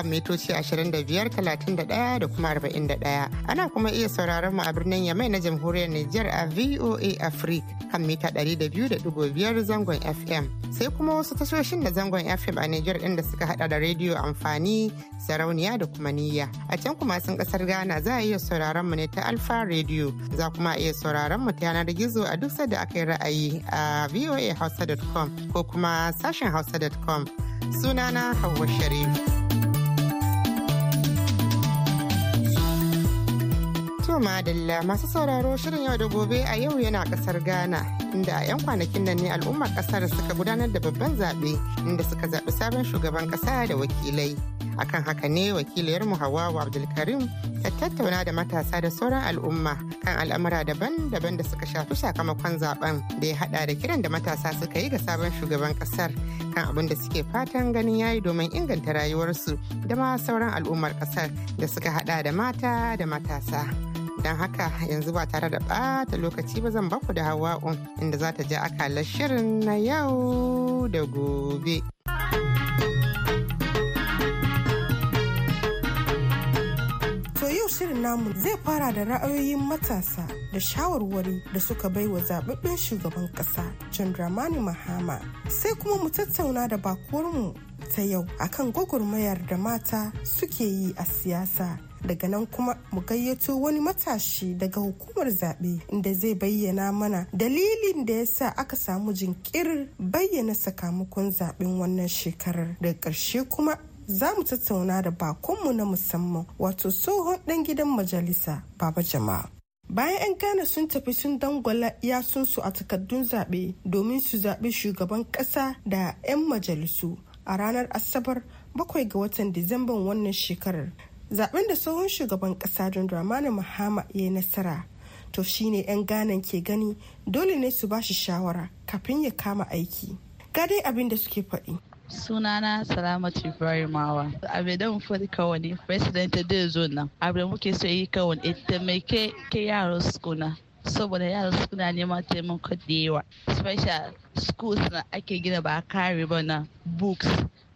kan mitoci 25,31 da kuma 41. Ana kuma iya sauraron mu a birnin Yamai na jamhuriyar Nijar a VOA Africa kan mita 200.5 zangon FM. Sai kuma wasu tashoshin da zangon FM a Nijar ɗin da suka hada da rediyo amfani, sarauniya da kuma niyya. A can kuma sun kasar Ghana za a iya sauraron mu ne ta Alfa Radio. Za kuma iya sauraron mu ta yanar gizo a duk sadda aka yi ra'ayi a voahausa.com ko kuma sashen hausa.com. Sunana Hauwa Sharif. To madalla masu sauraro shirin yau da gobe a yau yana kasar Ghana inda a 'yan kwanakin nan ne al'ummar kasar suka gudanar da babban zaɓe inda suka zaɓi sabon shugaban ƙasa da wakilai. akan haka ne wakiliyar mu Abdulkarim ta tattauna da matasa da sauran al'umma kan al'amura daban-daban da suka shafi sakamakon zaben da ya hada da kiran da matasa suka yi ga sabon shugaban kasar kan abin da suke fatan ganin yayi domin inganta rayuwarsu da ma sauran al'ummar kasar da suka hada da mata da matasa. Don haka yanzu ba tare da ɓata lokaci ba zan baku da Hawa'u inda za ta je akalar shirin na yau da gobe. To yau shirin namu zai fara da ra'ayoyin matasa da shawarwari da suka bai wa zaɓaɓɓen shugaban ƙasa, john dramani mahama sai kuma mu tattauna da bakuwarmu ta yau a kan gwagwarmayar da mata suke yi a siyasa. Daga nan kuma mu gayyato wani matashi daga hukumar zaɓe inda zai bayyana mana dalilin da ya sa aka samu jinkirin bayyana sakamakon zaɓen wannan shekarar. Daga ƙarshe kuma za mu tattauna da bakonmu na musamman wato tsohon ɗan gidan majalisa baba jama'a. bayan 'yan ghana sun tafi sun dangwala su a takardun zaɓe domin su zaɓi shugaban ƙasa da 'yan majalisu a ranar asabar bakwai ga watan disamban wannan shekarar zaben da tsohon shugaban kasa don dramani mahama ya yi nasara to shine 'yan ganan ke gani dole ne su bashi shawara kafin ya kama aiki ga dai abin da suke faɗi sunana salamatu ibrahim mawa abu da kawai president da zo abu da muke so yi kawai ita mai ke yaro kuna. saboda yara suna neman taimako da yawa special schools na ake gina ba kare ba na books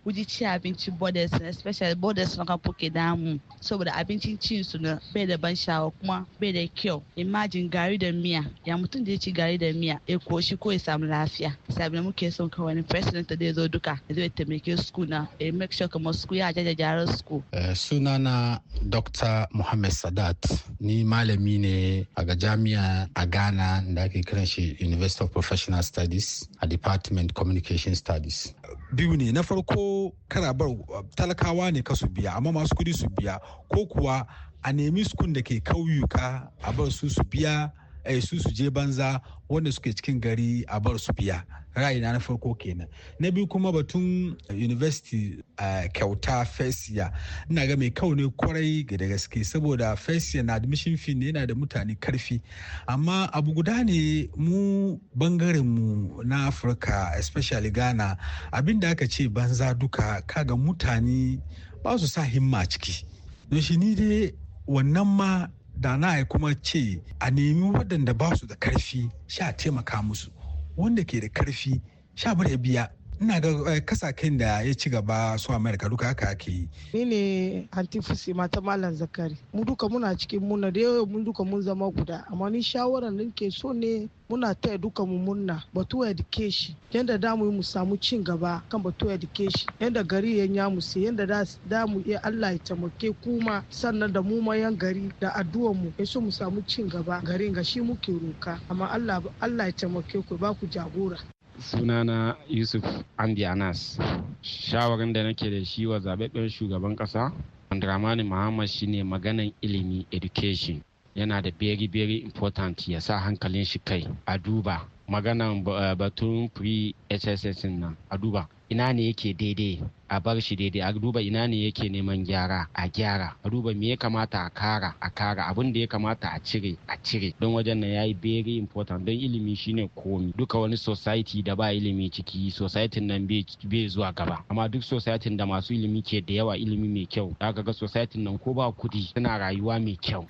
Wuji ci abinci borders na especially borders na kan fuke damu saboda abincin cin su na bai da ban shawa kuma bai da kyau imagine gari da miya ya mutum da ya ci gari da miya ya koshi ko ya samu lafiya sabi muke son kawai wani president da zo duka ya zai taimake su na ya make sure kamar su ya jaja jarar su eh, sunana dr muhammad sadat ni malami ne a ga jami'a a ghana da ake kiran shi university of professional studies a department communication studies biyu ne na farko bar talakawa ne ka su biya amma masu kudi su biya ko kuwa a nemi sukun da ke kauyuka a bar su su biya Eh, su su je banza wanda suke cikin gari a bar su biya ra'ayina na farko kenan na biyu kuma batun university eh, kyauta fesiya ina ga mai kau ne kwarai da gaske saboda fesiya na admission fee ne yana da mutane karfi amma abu guda ne mu bangaren mu na afirka especially ghana abinda aka ce banza duka kaga mutane ba su sa himma ciki don shi ni dai wannan ma da na ya kuma ce a nemi waɗanda ba su da karfi sha taimaka musu wanda ke da karfi sha bar ya biya ina ga eh, kan da ya ci gaba su amerika duka haka ake yi ni ne antifisi mata malam zakari mu duka muna cikin muna da yau mun duka mun zama guda amma ni shawaran da ke so ne muna taya duka mu murna batu education yadda da mu samu cin gaba kan batu education yadda gari ya nya mu sai yadda da mu iya Allah ya taimake kuma sannan da mu mayan gari da addu'ar mu ya so mu samu cin gaba garin ga shi muke roka amma Allah Allah ya taimake ku ba ku jagora sunana yusuf Andianas shawarin da nake da shi wa zaɓaɓɓen shugaban ƙasa. andramani muhammad shine maganan ilimi education yana da very very important ya sa hankalin shi kai a duba maganan eh, batun free hss nan a duba ina ne yake daidai a bar shi daidai a duba ina ne yake neman gyara a gyara a duba me ya kamata a kara a kara abin da ya kamata a cire a cire don wajen nan yayi very important don ilimi shine komi duka wani society da ba ilimi ciki society nan bai zuwa gaba amma duk society da masu ilimi ke da yawa ilimi mai kyau zaka ga society nan ko ba kudi suna rayuwa mai kyau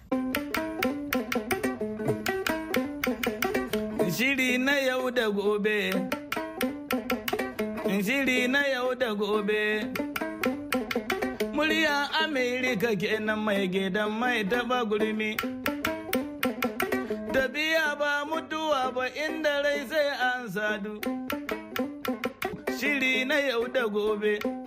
yau da gobe. Shiri na yau da gobe. Murya Amerika kenan mai gidan mai taba gurmi. Tafiya ba mutuwa ba inda rai sai an sadu. Shiri na yau da gobe.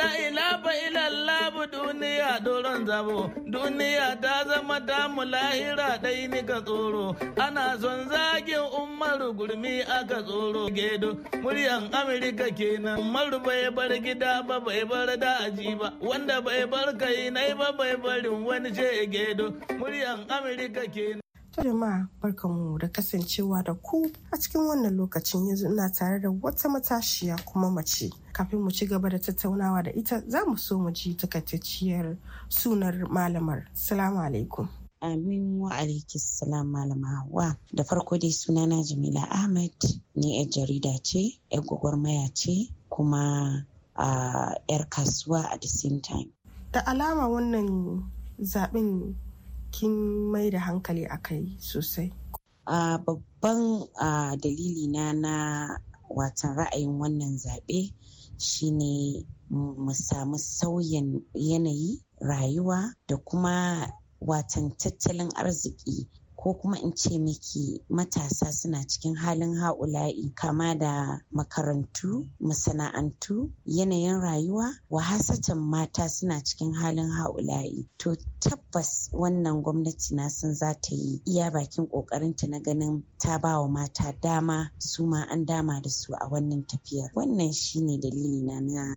la ilaha illallah duniya doron zabo duniya ta zama mu lahira dai ni ka tsoro ana son zagin umaru gurmi aka tsoro gedo muryan amurka kenan umaru bai bar gida ba bai bar da aji ba wanda bai bar kai nai ba bai barin wani ce gedo muryan amurka kenan safe jama'a barkanmu da kasancewa da ku a cikin wannan lokacin yanzu ina tare da wata matashiya kuma mace kafin mu ci gaba da tattaunawa da ita za mu so mu ji takaitacciyar sunar malamar salamu alaikum Amin wa alaikis salam malama wa Da farko dai sunana Jamila Ahmed ni yar jarida ce, yar gwagwarmaya ce kuma yar kasuwa a the same time. Da alama wannan zaɓen kin mai da hankali a kai sosai? A babban dalili na na watan ra'ayin wannan zaɓe shine mu samu sauyin yanayi rayuwa da kuma watan tattalin arziki ko kuma in ce miki matasa suna cikin halin ha'ula'i kama da makarantu masana'antu yanayin rayuwa wahasatan mata suna cikin halin ha'ula'i to tabbas wannan gwamnati na sun za ta yi iya bakin kokarinta na ganin ta ba wa mata dama su ma an dama da su a wannan tafiyar wannan shine dalili na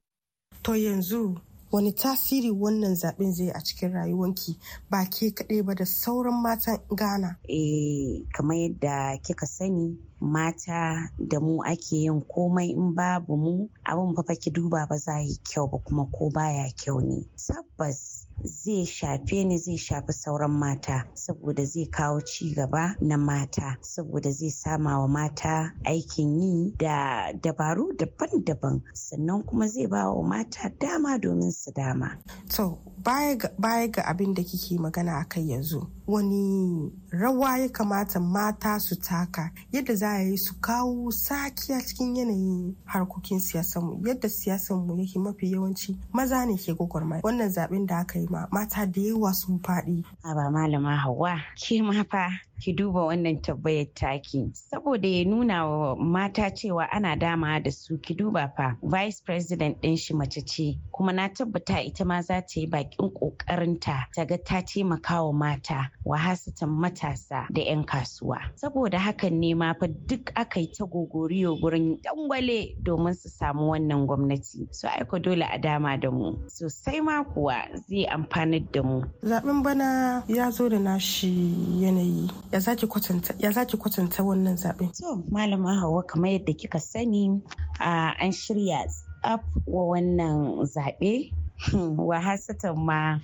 to yanzu wani tasiri wannan zaɓen zai a cikin rayuwanki ba ke kaɗai ba da sauran matan ghana eh kamar yadda kika sani mata da mu ake yin komai in babu mu abin fa ki duba ba za yi kyau ba kuma ko baya kyau ne tabbas zai shafe ni zai shafi sauran mata saboda zai kawo ci gaba na mata saboda zai sama wa mata aikin yi da dabaru daban-daban sannan kuma zai ba wa mata dama domin su dama. To baya ga abin da kike magana a kai yanzu wani rawa ya kamata mata su taka yadda za a yi su kawo sakiya cikin yanayin harkokin siyasanmu yadda siyasanmu yake mafi yawanci maza ne ke gwagwarmaya wannan zaɓen da aka yi ma mata da yawa sun faɗi. ba malama hawa ke ma fa ki duba wannan tabbayar taki saboda ya nuna wa mata cewa ana dama da su ki duba fa vice president ɗin shi mace ce kuma na tabbata ita ma za ta yi bakin ƙoƙarinta ta ga ta taimaka wa mata wahasatan matasa da 'yan kasuwa saboda hakan ne ma fa duk aka yi ta gogoriyo gurin dangwale domin su samu wannan gwamnati Su aiko dole a dama da mu sosai ma kuwa zai amfanar da mu zaben bana ya zo da nashi yanayi ya zaki kwatanta kwatanta wannan zaɓe. so malama hawa kamar yadda kika sani an shirya tsaf wa wannan zaɓe wa wahasatan ma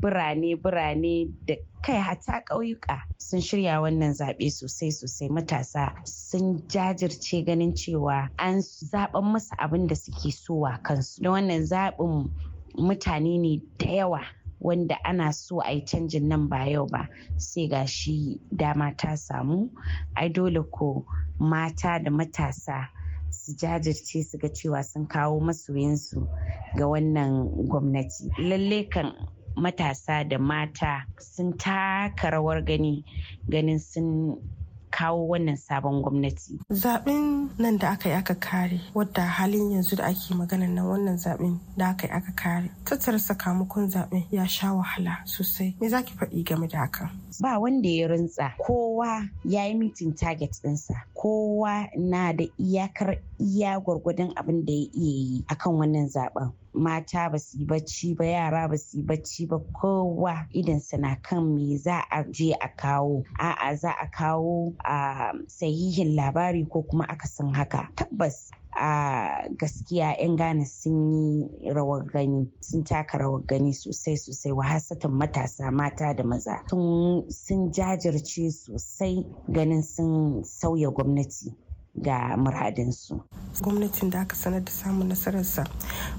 birane birane da kai hata ƙauyuka sun shirya wannan zaɓe sosai sosai matasa sun jajirce ganin cewa an zaɓen masa abin da suke so wa kansu da wannan zaɓin mutane ne da yawa wanda ana so a yi canjin nan ba yau ba sai ga shi dama ta samu ai dole ko mata da matasa su jajirce su ga cewa sun kawo masoyinsu ga wannan gwamnati lalle kan matasa da mata sun taka rawar gani ganin sun kawo wannan sabon gwamnati. Zaben nan da aka yi aka kare wadda halin yanzu da ake magana na wannan zaben da aka yi aka kare tattara sakamakon zaben ya sha wahala sosai me za ki faɗi game da haka. Ba wanda ya rantsa kowa ya yi mitin target ɗinsa kowa na da iyakar iya gwargwadon abin da ya iya yi akan wannan zaɓen. mata ba su yi bacci ba yara ba su yi bacci ba kowa idan na kan me za a je a kawo a'a za a kawo a sahihin labari ko kuma akasin haka tabbas a gaskiya 'yan gane sun yi rawar gani sun taka rawar gani sosai sosai wa hasatan matasa mata da maza sun jajirce sosai ganin sun sauya gwamnati da muradinsu. gwamnatin da aka sanar da samun nasararsa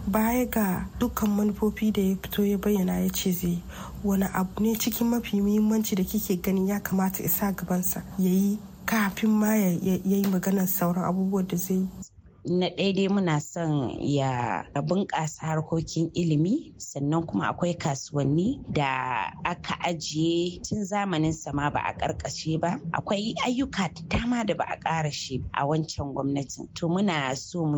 baya ga dukkan manufofi da ya fito ya bayyana ya ce zai wani abu ne cikin mafi muhimmanci da kike ganin ya kamata isa gabansa ya yi kafin ma ya yi maganar sauran abubuwan da zai yi na ɗaya dai muna son ya bunƙasa harkokin ilimi sannan kuma akwai kasuwanni da aka ajiye tun zamanin sama ba a ƙarƙashe ba akwai ayyuka da dama da ba a ƙara shi a wancan gwamnatin to muna so mu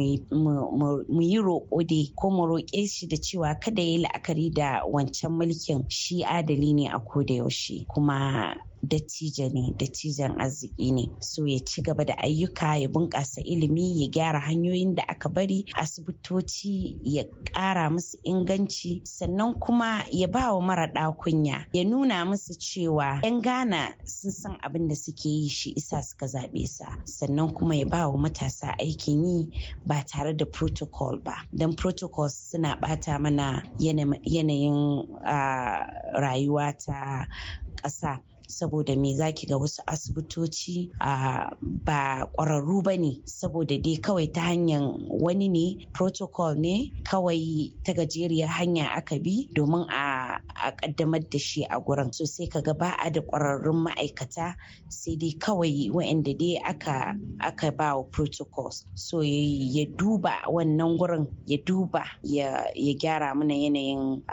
yi roƙo dai ko mu roƙe shi da cewa kada ya yi la'akari da wancan mulkin shi adali ne a da yaushe kuma dattijo ne dattijan arziki ne so ya ci gaba da ayyuka ya bunƙasa ilimi ya gyara hanyoyin da aka bari asibitoci ya ƙara musu inganci sannan kuma ya ba wa mara ɗakunya ya nuna musu cewa 'yan ghana sun san abin da suke yi shi isa suka zaɓe sa sannan kuma ya ba wa matasa aikin yi ba tare da protocol ba don protocol suna ɓata mana yanayin uh, rayuwa ta ƙasa saboda me zaki ga wasu asibitoci a ba ƙwararru ba ne saboda dai kawai ta hanyar wani ne protocol ne kawai ta gajeriya hanya aka bi domin a ƙaddamar da shi a gurin so sai kaga ba a da ƙwararrun ma'aikata sai dai kawai wa'anda dai aka aka ba wa protocols so ya duba wannan gurin ya duba ya gyara mana yanayin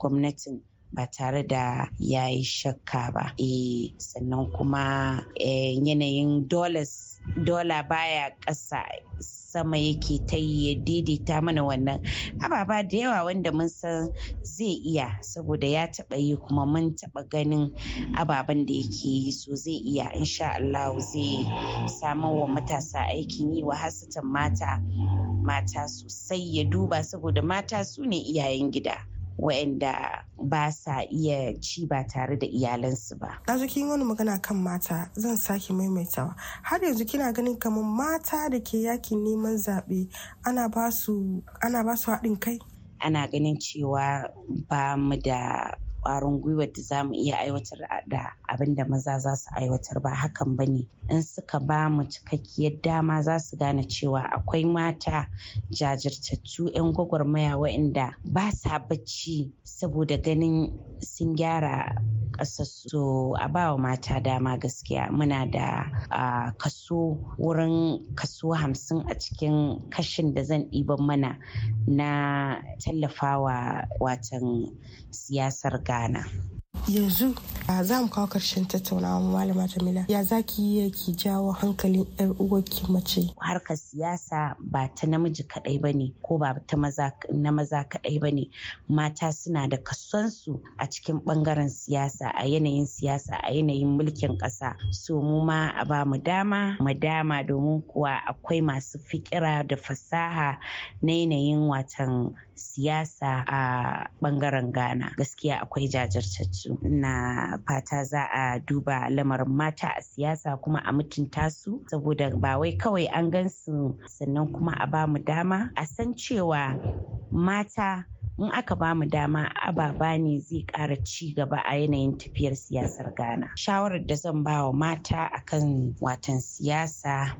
gwamnatin ba tare da ya yi shakka ba e sannan kuma eh, yanayin dollars dola baya ƙasa sama yake ta yi ya daidaita mana wannan ababa da yawa wanda mun san zai iya saboda ya taɓa yi kuma mun taba ganin ababen da yake yi so zai iya insha Allah zai samar wa matasa aikin yi wa hasatan mata mata sosai ya duba saboda mata su ne iyayen gida waɗanda ba sa iya ci ba tare da iyalansu ba. Ɗazu kin wani magana kan mata zan sake maimaitawa. Har yanzu kina ganin kamar mata da ke yakin neman zaɓe ana ba su haɗin kai? Ana ganin cewa ba mu da ƙwarin gwiwa da za mu iya aiwatar da abin da maza za su aiwatar ba hakan ba ne in suka ba mu cikakkiyar dama za su gane cewa akwai mata jajirtattu 'yan gwagwarmaya waɗanda ba sa bacci saboda ganin sun gyara ƙasassu a ba wa mata dama gaskiya muna da kaso wurin kaso hamsin a cikin kashin da zan ɗiban mana na tallafawa watan siyasar ga rana yanzu za mu kawo karshen tattaunawa mu malama jamila ya za ki jawo hankalin yar uwarki mace harkar siyasa ba ta namiji kadai bane ko ba ta maza na maza kadai bane mata suna da kasonsu a cikin bangaren siyasa a yanayin siyasa a yanayin mulkin kasa so mu ma a ba mu dama mu dama domin kuwa akwai masu fikira da fasaha na yanayin watan siyasa a bangaren ghana gaskiya akwai jajirtattu na fata za a duba lamarin mata a siyasa kuma a mutunta su saboda ba wai kawai an gan su sannan kuma a ba mu dama a san cewa mata in aka ba mu dama ababa ne zai ƙara ci gaba a yanayin tafiyar siyasar ghana shawarar da zan ba wa mata akan watan siyasa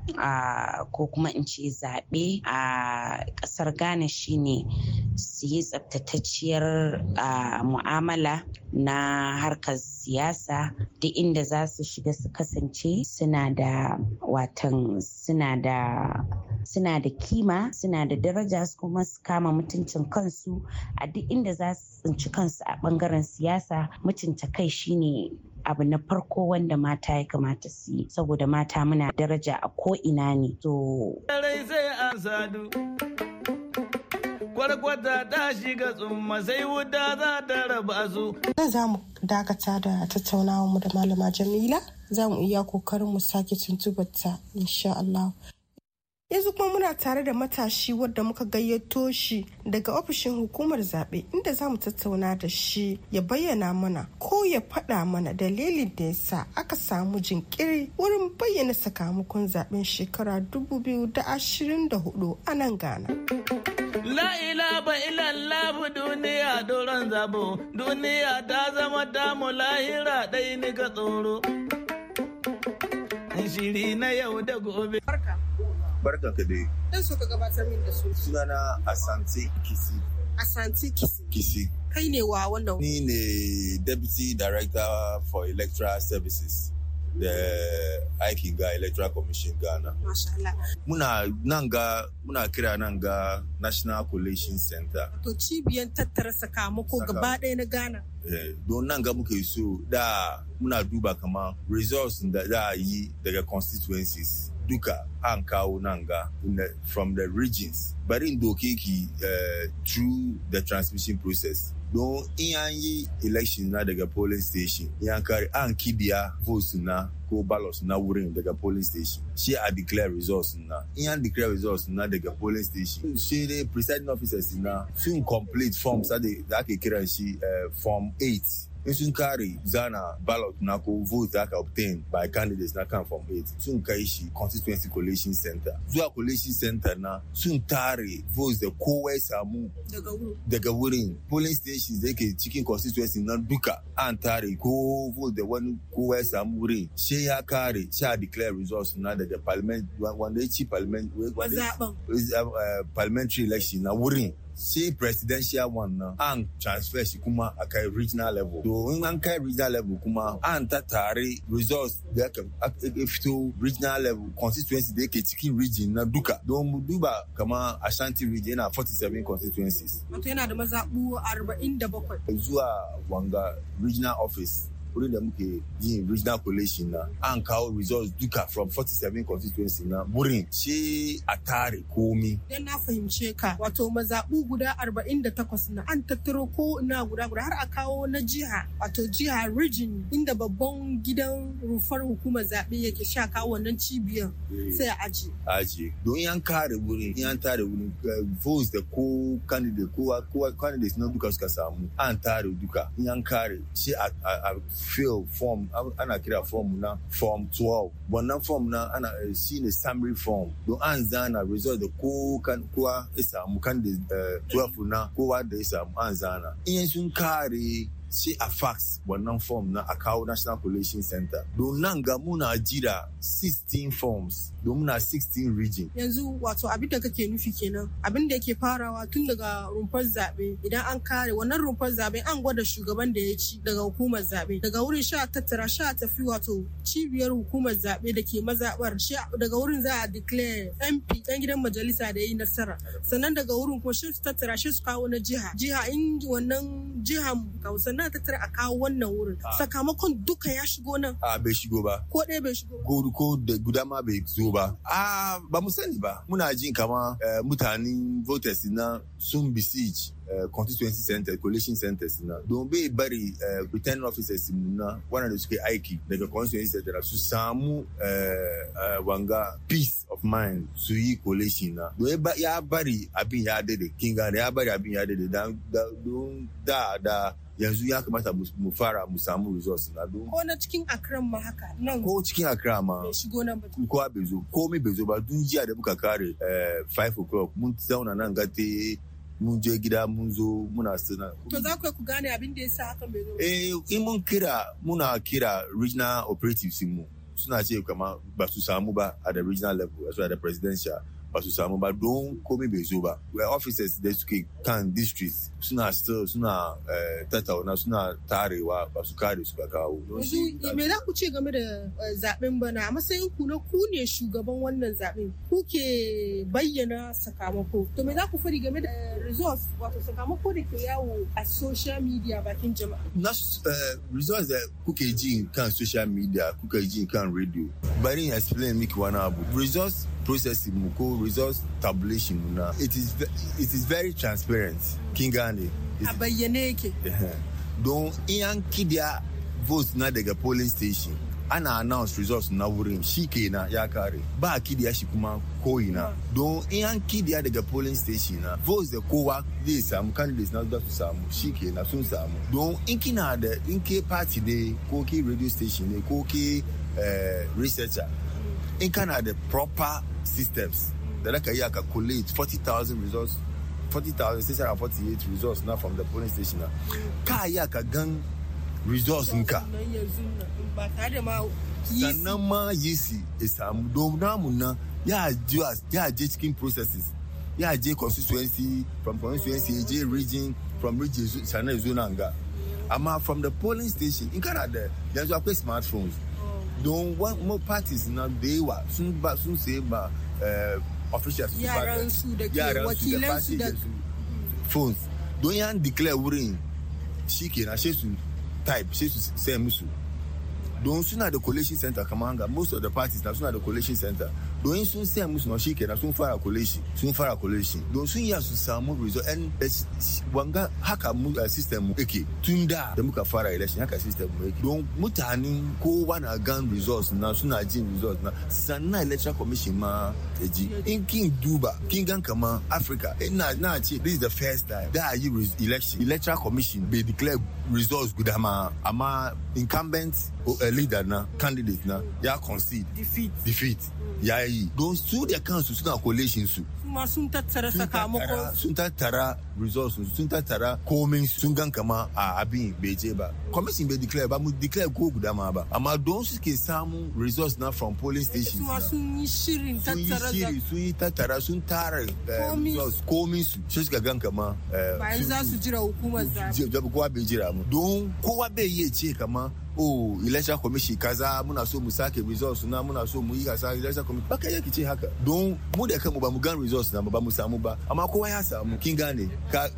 ko kuma in ce zaɓe a ƙasar ghana shine su yi tsaftatacciyar mu'amala na harkar siyasa duk inda za su shiga su kasance suna da watan suna da suna da kima suna da daraja su kuma su kama mutuncin kansu a duk inda za su tsinci kansu a bangaren siyasa mutunta kai shine abu na farko wanda mata ya kamata su yi saboda mata muna daraja a ko ina ne to kwarkwata ta shiga tsumma sai wuta za ta za mu dakata da tattaunawa mu da malama Jamila za mu iya kokarin mu sake tuntubarta insha Allah. yanzu kuma muna tare da matashi wadda muka gayyato shi daga ofishin hukumar zaɓe inda za mu tattauna da shi ya bayyana mana ko ya faɗa mana dalilin da yasa aka samu jinkiri wurin bayyana sakamakon zaɓen shekara 2024 a nan ghana La'ila ba ilallahu duniya doron zabo, duniya ta zama damu lahira ɗai ni ga tsoro. Shiri na yau da gobe. barkan ka dai dan so ka gabatar min da su sunana asante kisi asante kisi kisi kai ne wa wannan ni ne deputy director for electoral services da aiki ga electoral commission ghana muna nan ga muna kira nan ga national collation center to cibiyar tattara sakamako gaba ɗaya na ghana eh, don nan ga muka yi so da muna duba kama results da za a yi daga constituencies duka anka unanga from the regions in doke ki uh, through the transmission process No, in an election na the polling station yankari kare an kibiya votes na ko ballots na wurin the polling station she a declare results na in declare results na the polling station she the presiding officers na sun complete forms that ake kiran shi form 8 in sun kare zana ballot na ko vote that ka obtained by candidates na come from it sun kai shi constituency collation center zuwa collation center na sun tare votes da kowa ya samu daga wurin polling stations da ke cikin constituency na duka an tare ko vote da wani kowa ya samu wurin she ya kare sha declare results na daga parliament wanda ya ci parliament eh, parliamentary election na wurin Se presidential one na an transfer si kuma a kai regional level to in an kai regional level kuma an ta tare results da aka fito regional level constituency da yake cikin region na duka don mu duba kama ashanti region yana 47 constituencies wato yana da mazaɓu 47 zuwa wanga regional office wurin da muke yin regional collation na an kawo results duka from 47 constituency na burin shi a tare komi. idan na fahimce ka wato mazaɓu guda 48 na an tattaro ko ina guda guda har a kawo na jiha wato jiha region inda babban gidan rufar hukumar zaɓe yake sha kawo wannan cibiyar eh. sai a aji. Aji don yan kare wurin yan tare wurin eh, votes da ko candidate ko candidate na duka suka samu an tare duka yan kare shi a fill form ana kira form na form 12 now form na ana eh, the summary form the anzana result the ko kan kowa ya samu kan da eh, 12 na kowa da ya samu in sai a fax wannan form na a kawo national collation center don nan ga muna jira 16 forms don muna 16 region yanzu wato abin da kake nufi kenan abin da yake farawa tun daga rumfar zabe idan an kare wannan rumfar zabe an gwada shugaban da ya ci daga hukumar zabe daga wurin sha tattara sha tafi wato cibiyar hukumar zabe da ke mazabar daga wurin za a declare mp dan gidan majalisa da ya yi nasara sannan daga wurin ko shi tattara shi su kawo na jiha jiha in wannan jiha na ta tare a kawo wannan wurin ah. sakamakon duka ya shigo nan a ah, bai shigo ba ko ɗaya bai shigo ba ko da guda ma bai zo ba a ah, ba mu sani ba muna jin kama eh, mutanen voters na sun besiege eh, constituency center coalition centers na don bai bari pretend eh, officers na da suke aiki daga constituency center su samu wanga peace of mind su yi coalition na don ya bari abin ya dade kinga ya bari abin ya dade don da da yanzu ya kamata mu fara mu samu results na don ko na cikin akram ma haka nan ko cikin akram ma bai shigo nan ba kowa bai zo komai bai zo ba dun jiya da muka kare 5 eh, o'clock mun zauna nan ga te mun je gida mun zo muna suna. To za ku gane abin da yasa hakan bai zo. Eh in mun kira muna kira regional operatives mu suna ce kamar ba su samu ba at the regional level as well as the presidential. ba su samu ba don komai bai zo ba where officers da suke kan district suna still suna tattauna suna tarewa ba su kare su ba kawo me za ku ce game da zaben bana a matsayin ku na ku ne shugaban wannan zaben kuke bayyana sakamako to me za ku fari game da results wato sakamako da ke yawo a social media bakin jama'a na results da kuke ji kan social media kuke ji kan radio bari explain miki wani abu results process mu ko results tabulation mu na it is it is very transparent kin gane a bayyane yake don in an kidya vote na daga polling station ana announce results na wurin shi na ya kare ba a kidiya shi kuma ko'ina don in an kidiya daga polling station na votes da kowa zai samu candidates na za su samu shi kenan sun samu don in kina da in ke party ne ko ke radio station ne ko ke eh, researcher in Canada, proper systems da naka yi a collate 40,000 results 40,648 results now from the polling station na ka yi a gan results nka sannan ma yi si isamu don namu na ya je cikin processes ya je constituency from constituency ya je region from region sannan ya zo na nga amma from the polling station in Canada, da yanzu akwai smartphones don more parties na da yawa sun ba sun ba, ma eh, officials su yaran su da ke wakilan su da phones don yan declare wurin shi ke na she su type she su sai musu don at the collation center kamanga. most of the parties na at the collation center don sun sai musu na shi kenan sun fara collation sun fara collation don sun ya su samu result and wanga haka mu uh, system mu yake tun da da muka fara election haka system mu yake don mutanen kowa na gan results na suna jin results na sannan election commission ma eji in King duba King gan kamar africa ina eh, na ce this is the first time da yi election electoral commission be declare results guda ama incumbent Eh, leader now, candidate now, na ya concede defeat defeat mm. ya yi don su da kansu suna collation su kuma sun tattara sakamakon sun tattara results sun tattara komai sun kama a abin bejeba. commission be declared, but we declare ko guda ma ba amma don suke samun results na from polling stations. Sunta tara, Sunta tattara sun tara eh, results komai Gankama, sai Sujira gan Jabuka eh, bayan Don't go away, hukumar oh election commission kaza muna so mu sake results na muna so mu yi kasa election commission baka yake ce haka don mu da kanmu ba mu gan results na ba mu samu ba amma kowa ya samu kin gane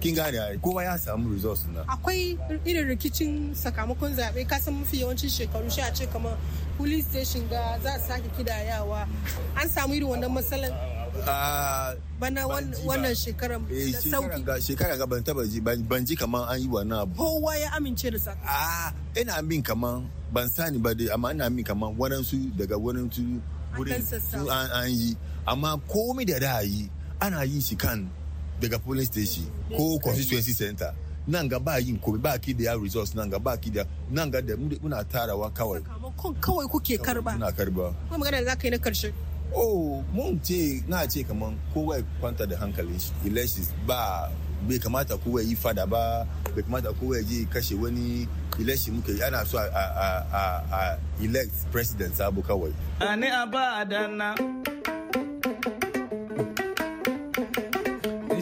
kin gane ai kowa ya samu results na akwai irin rikicin sakamakon zabe san mafi yawancin shekaru sha ce kamar police station ga za a sake kidayawa an samu irin wannan matsalan Ah. bana wannan shekaran eh, da sauki shekara ga ban taba ji ban ji kaman an yi wannan abu kowa ya amince da saka a ah, ina min kaman ban sani ba dai amma ina min kaman waɗansu daga waɗansu wurin su an yi amma komai da da yi ana yi shi kan daga police station ko constituency center nan ga ba yin komai ba ki da ya resource nan ga ba ki da nan ga da muna tarawa kawai kawai kuke karba muna karba kuma magana da za yi na karshe oh mun ce na ce kaman kowa ya kwanta da hankali. elections ba bai kamata kowa yi fada ba bai kamata kowa ya je kashe wani election muka yi ana so a, a, a, a elect president sabu kawai ani abadana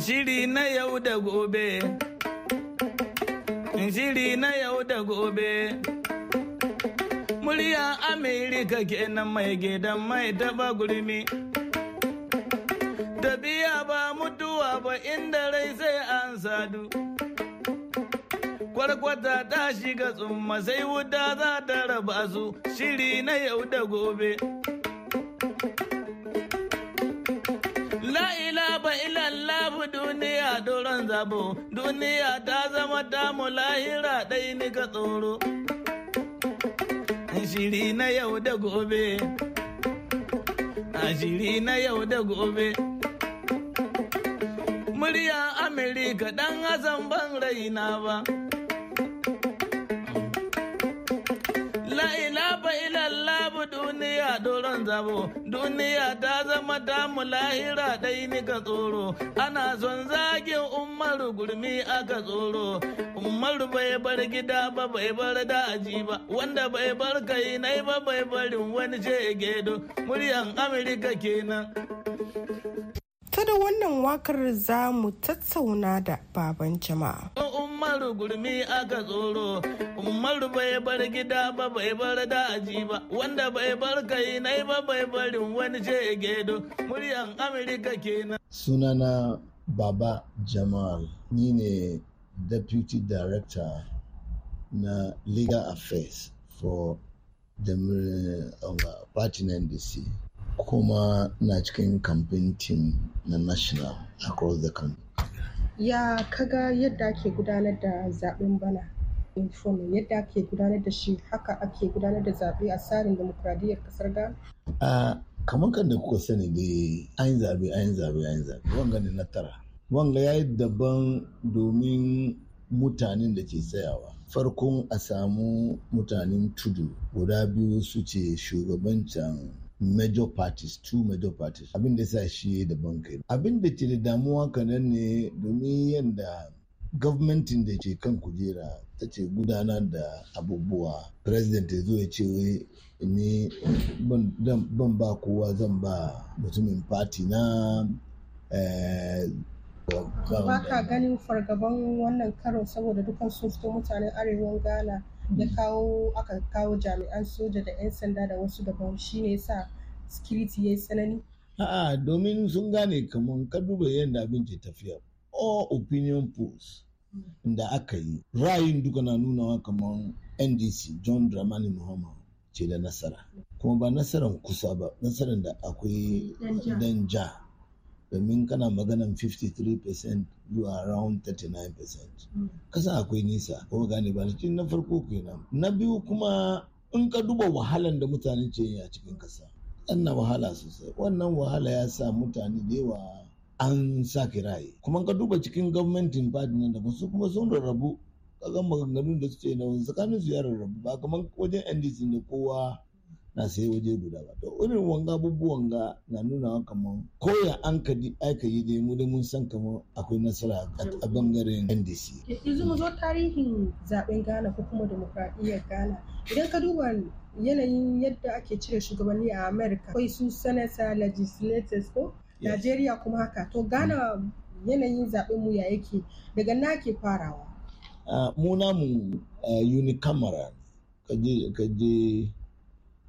shiri na yau da gobe shiri na yau da gobe murya amerika kenan mai gidan mai taba gurmi tafiya ba mutuwa ba inda rai sai an sadu kwarkwata ta shiga tsumma sai wuta za ta raba su shiri na yau da gobe la'ila ba labu duniya doron zabo duniya ta zama tamu lahira ɗai ni ka tsoro ajiri na yau da gobe. ajiri na yau da gobe. Murya Amerika dan azan ban raina ba. duniya doron zabo duniya ta zama damu lahira ɗai ni ka tsoro ana son zagin umaru gurmi aka tsoro umaru bai bar gida ba bai bar daji ba wanda bai bar kai nai ba bai barin wani ce gedo muryan amurka kenan da wannan wakar za mu tattauna da baban jama'a. Umar gurmi aka tsoro, Umar bai bar gida ba bai bar aji ba, wanda bai bar kai nai ba bai barin wani je gedo, muryan Amerika kenan. Sunana Baba Jamal, ni ne Deputy Director na Legal Affairs for the uh, Party NDC. kuma na cikin campaign team na national across the country. Ya kaga yadda ake gudanar da zaben bana informa yadda ake gudanar da shi haka ake gudanar da zaɓe a tsarin demokradiyyar ƙasar Ghana? A kamar kan da kuka sani da an zaɓe an zaɓe an zaɓe wanga ne na tara. Wanga ya yi daban domin mutanen da ke tsayawa. Farkon a samu mutanen tudu guda biyu su ce shugabancin major parties two major parties abin da sa shi daban banka abin da ke da damuwa kanan ne domin yadda gwamnatin da ke kan kujera ta ce gudanar da abubuwa president ya zo ya ce ni ban ba kowa zan ba mutumin party na eh, ba ka ganin fargaban wannan karo saboda dukkan sun fito mutanen arewan ghana ya mm. kawo aka kawo jami'an soja da 'yan sanda da wasu daban shine sa security ya yi tsanani a'a domin sun gane kamar ka duba yadda abin ke tafiya all opinion polls mm. da aka yi ra'ayin duka na nunawa kamar ndc john dramani muhammad ce da nasara kuma ba nasaran kusa ba nasaran da akwai danja domin kana maganan 53% zuwa around 39% hmm. kasa akwai nisa Ko gane ba cikin na farko kenan na biyu kuma in ka duba wahalan da mutane ce a cikin kasa na wahala sosai wannan wahala ya sa mutane da yawa an sa kirayi kuma ka duba cikin gwamnatin fadi nan da su kuma sun rarrabu kaga maganganun da suke na wani tsakanin su ya rarrabu ba kamar wajen ndc ne kowa na sai waje guda ba to irin wanga abubuwan ga na nuna kamar koya an ka aka yi dai mu mun san kamar akwai nasara a bangaren ndc yanzu mu zo tarihin zaben ghana ko kuma demokradiyyar ghana idan ka duba yanayin yadda ake cire shugabanni a america akwai su sanata legislators ko Nigeria kuma haka to ghana yanayin zaben mu ya yake daga na ke farawa ah, mu namu ah, unicameral kaje kaje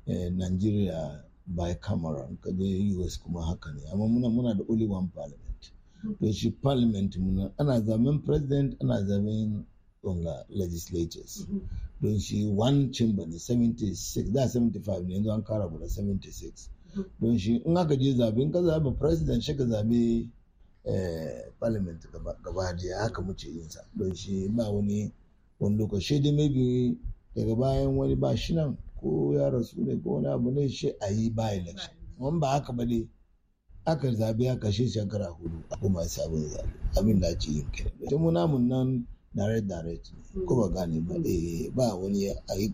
Eh, Nigeria by Cameron kaje US kuma haka ne amma muna muna da only one parliament to shi parliament muna ana zaben president ana zaben wanga legislatures don shi one chamber ne 76 da 75 ne yanzu an kara guda 76 don shi in aka je zabe in ka zabe president shi ka zabe eh, parliament gaba da haka muke yin sa don shi ba wani wani lokaci dai maybe daga bayan wani ba shi nan ko ya rasu ne ko wani abu ne shi a yi ba election wani ba haka ba ne aka zabi ya kashe shekara hudu a kuma sabon zabi abin da ce yin kenan tun muna mun nan direct direct ko ba gane ba eh, ba wani a yi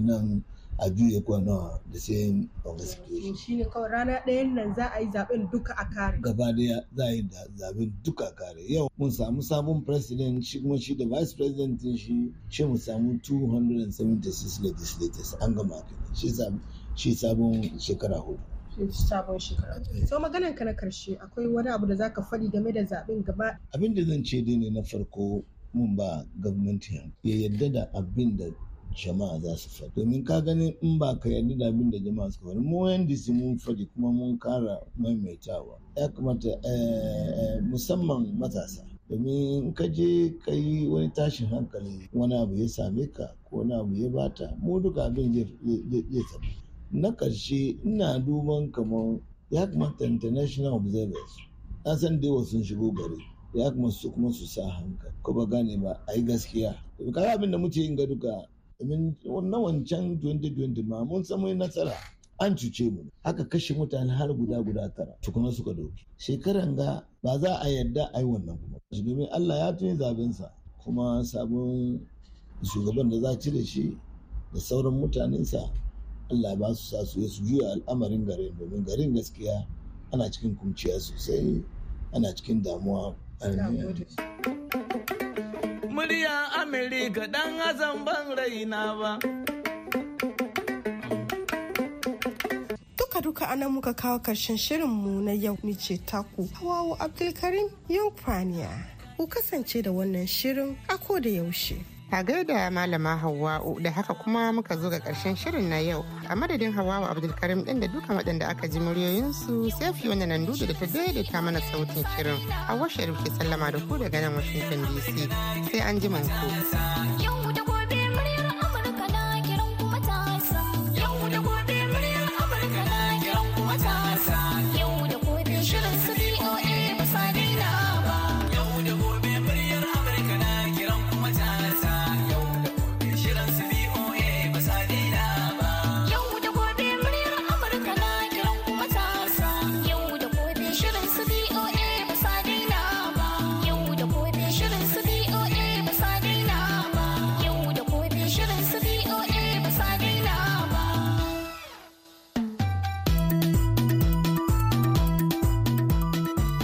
nan a juye kwanon da same of the situation. Shi ne kawai rana ɗayan nan za a yi zaben duka a kare. Gaba daya za a yi zaben duka a kare. Yau mun samu sabon president shi kuma shi da vice president shi shi mu samu 276 legislators an gama kenan. Shi sabon shekara hudu. sabon shekara. Eh. So maganan ka na karshe akwai wani abu da zaka faɗi game da zaben gaba. Abin da zan ce dai ne na farko mun ba gwamnati ya yadda da abin da jama'a za su faɗi domin ka gani in ba ka yarda da abin da jama'a suka faɗi mu su mun faɗi kuma mun kara maimaitawa ya kamata eh, eh, musamman matasa domin in ka je ka yi wani tashin hankali wani abu ya same ka ko wani abu ya bata mu duka abin zai tafi na ƙarshe ina duban kamar ya kamata international observers na san da yawa sun shigo gari ya kuma su kuma su sa hankali ko ba gane ba a yi gaskiya kaga abin da muke yin ga duka domin wannan wancan 2020 ma mun samu nasara an cuce mu aka kashe mutane har guda guda tara tukuna suka dauki shekaran ga ba za a yarda a yi wannan kuma domin Allah ya tuni zabensa kuma sabon shugaban da za a da shi da sauran mutanensa Allah ba su sa su yi su juya al'amarin garin domin garin gaskiya ana cikin kunciya sosai ana cikin damuwa. murya amerika dan azan ban raina ba duka duka anan muka kawo karshen shirinmu na yau ce taku hawawu abdulkarim kwaniya ku kasance da wannan shirin a da yaushe a gaida malama hawa'u da haka kuma muka zo ga karshen shirin na yau a madadin hawawa abdulkarim din da dukan waɗanda aka ji muryoyinsu sai fi wanda nan dudu da ta daidaita mana sautin shirin Hauwa washe ke sallama da ku daga nan washington dc sai an ji ku.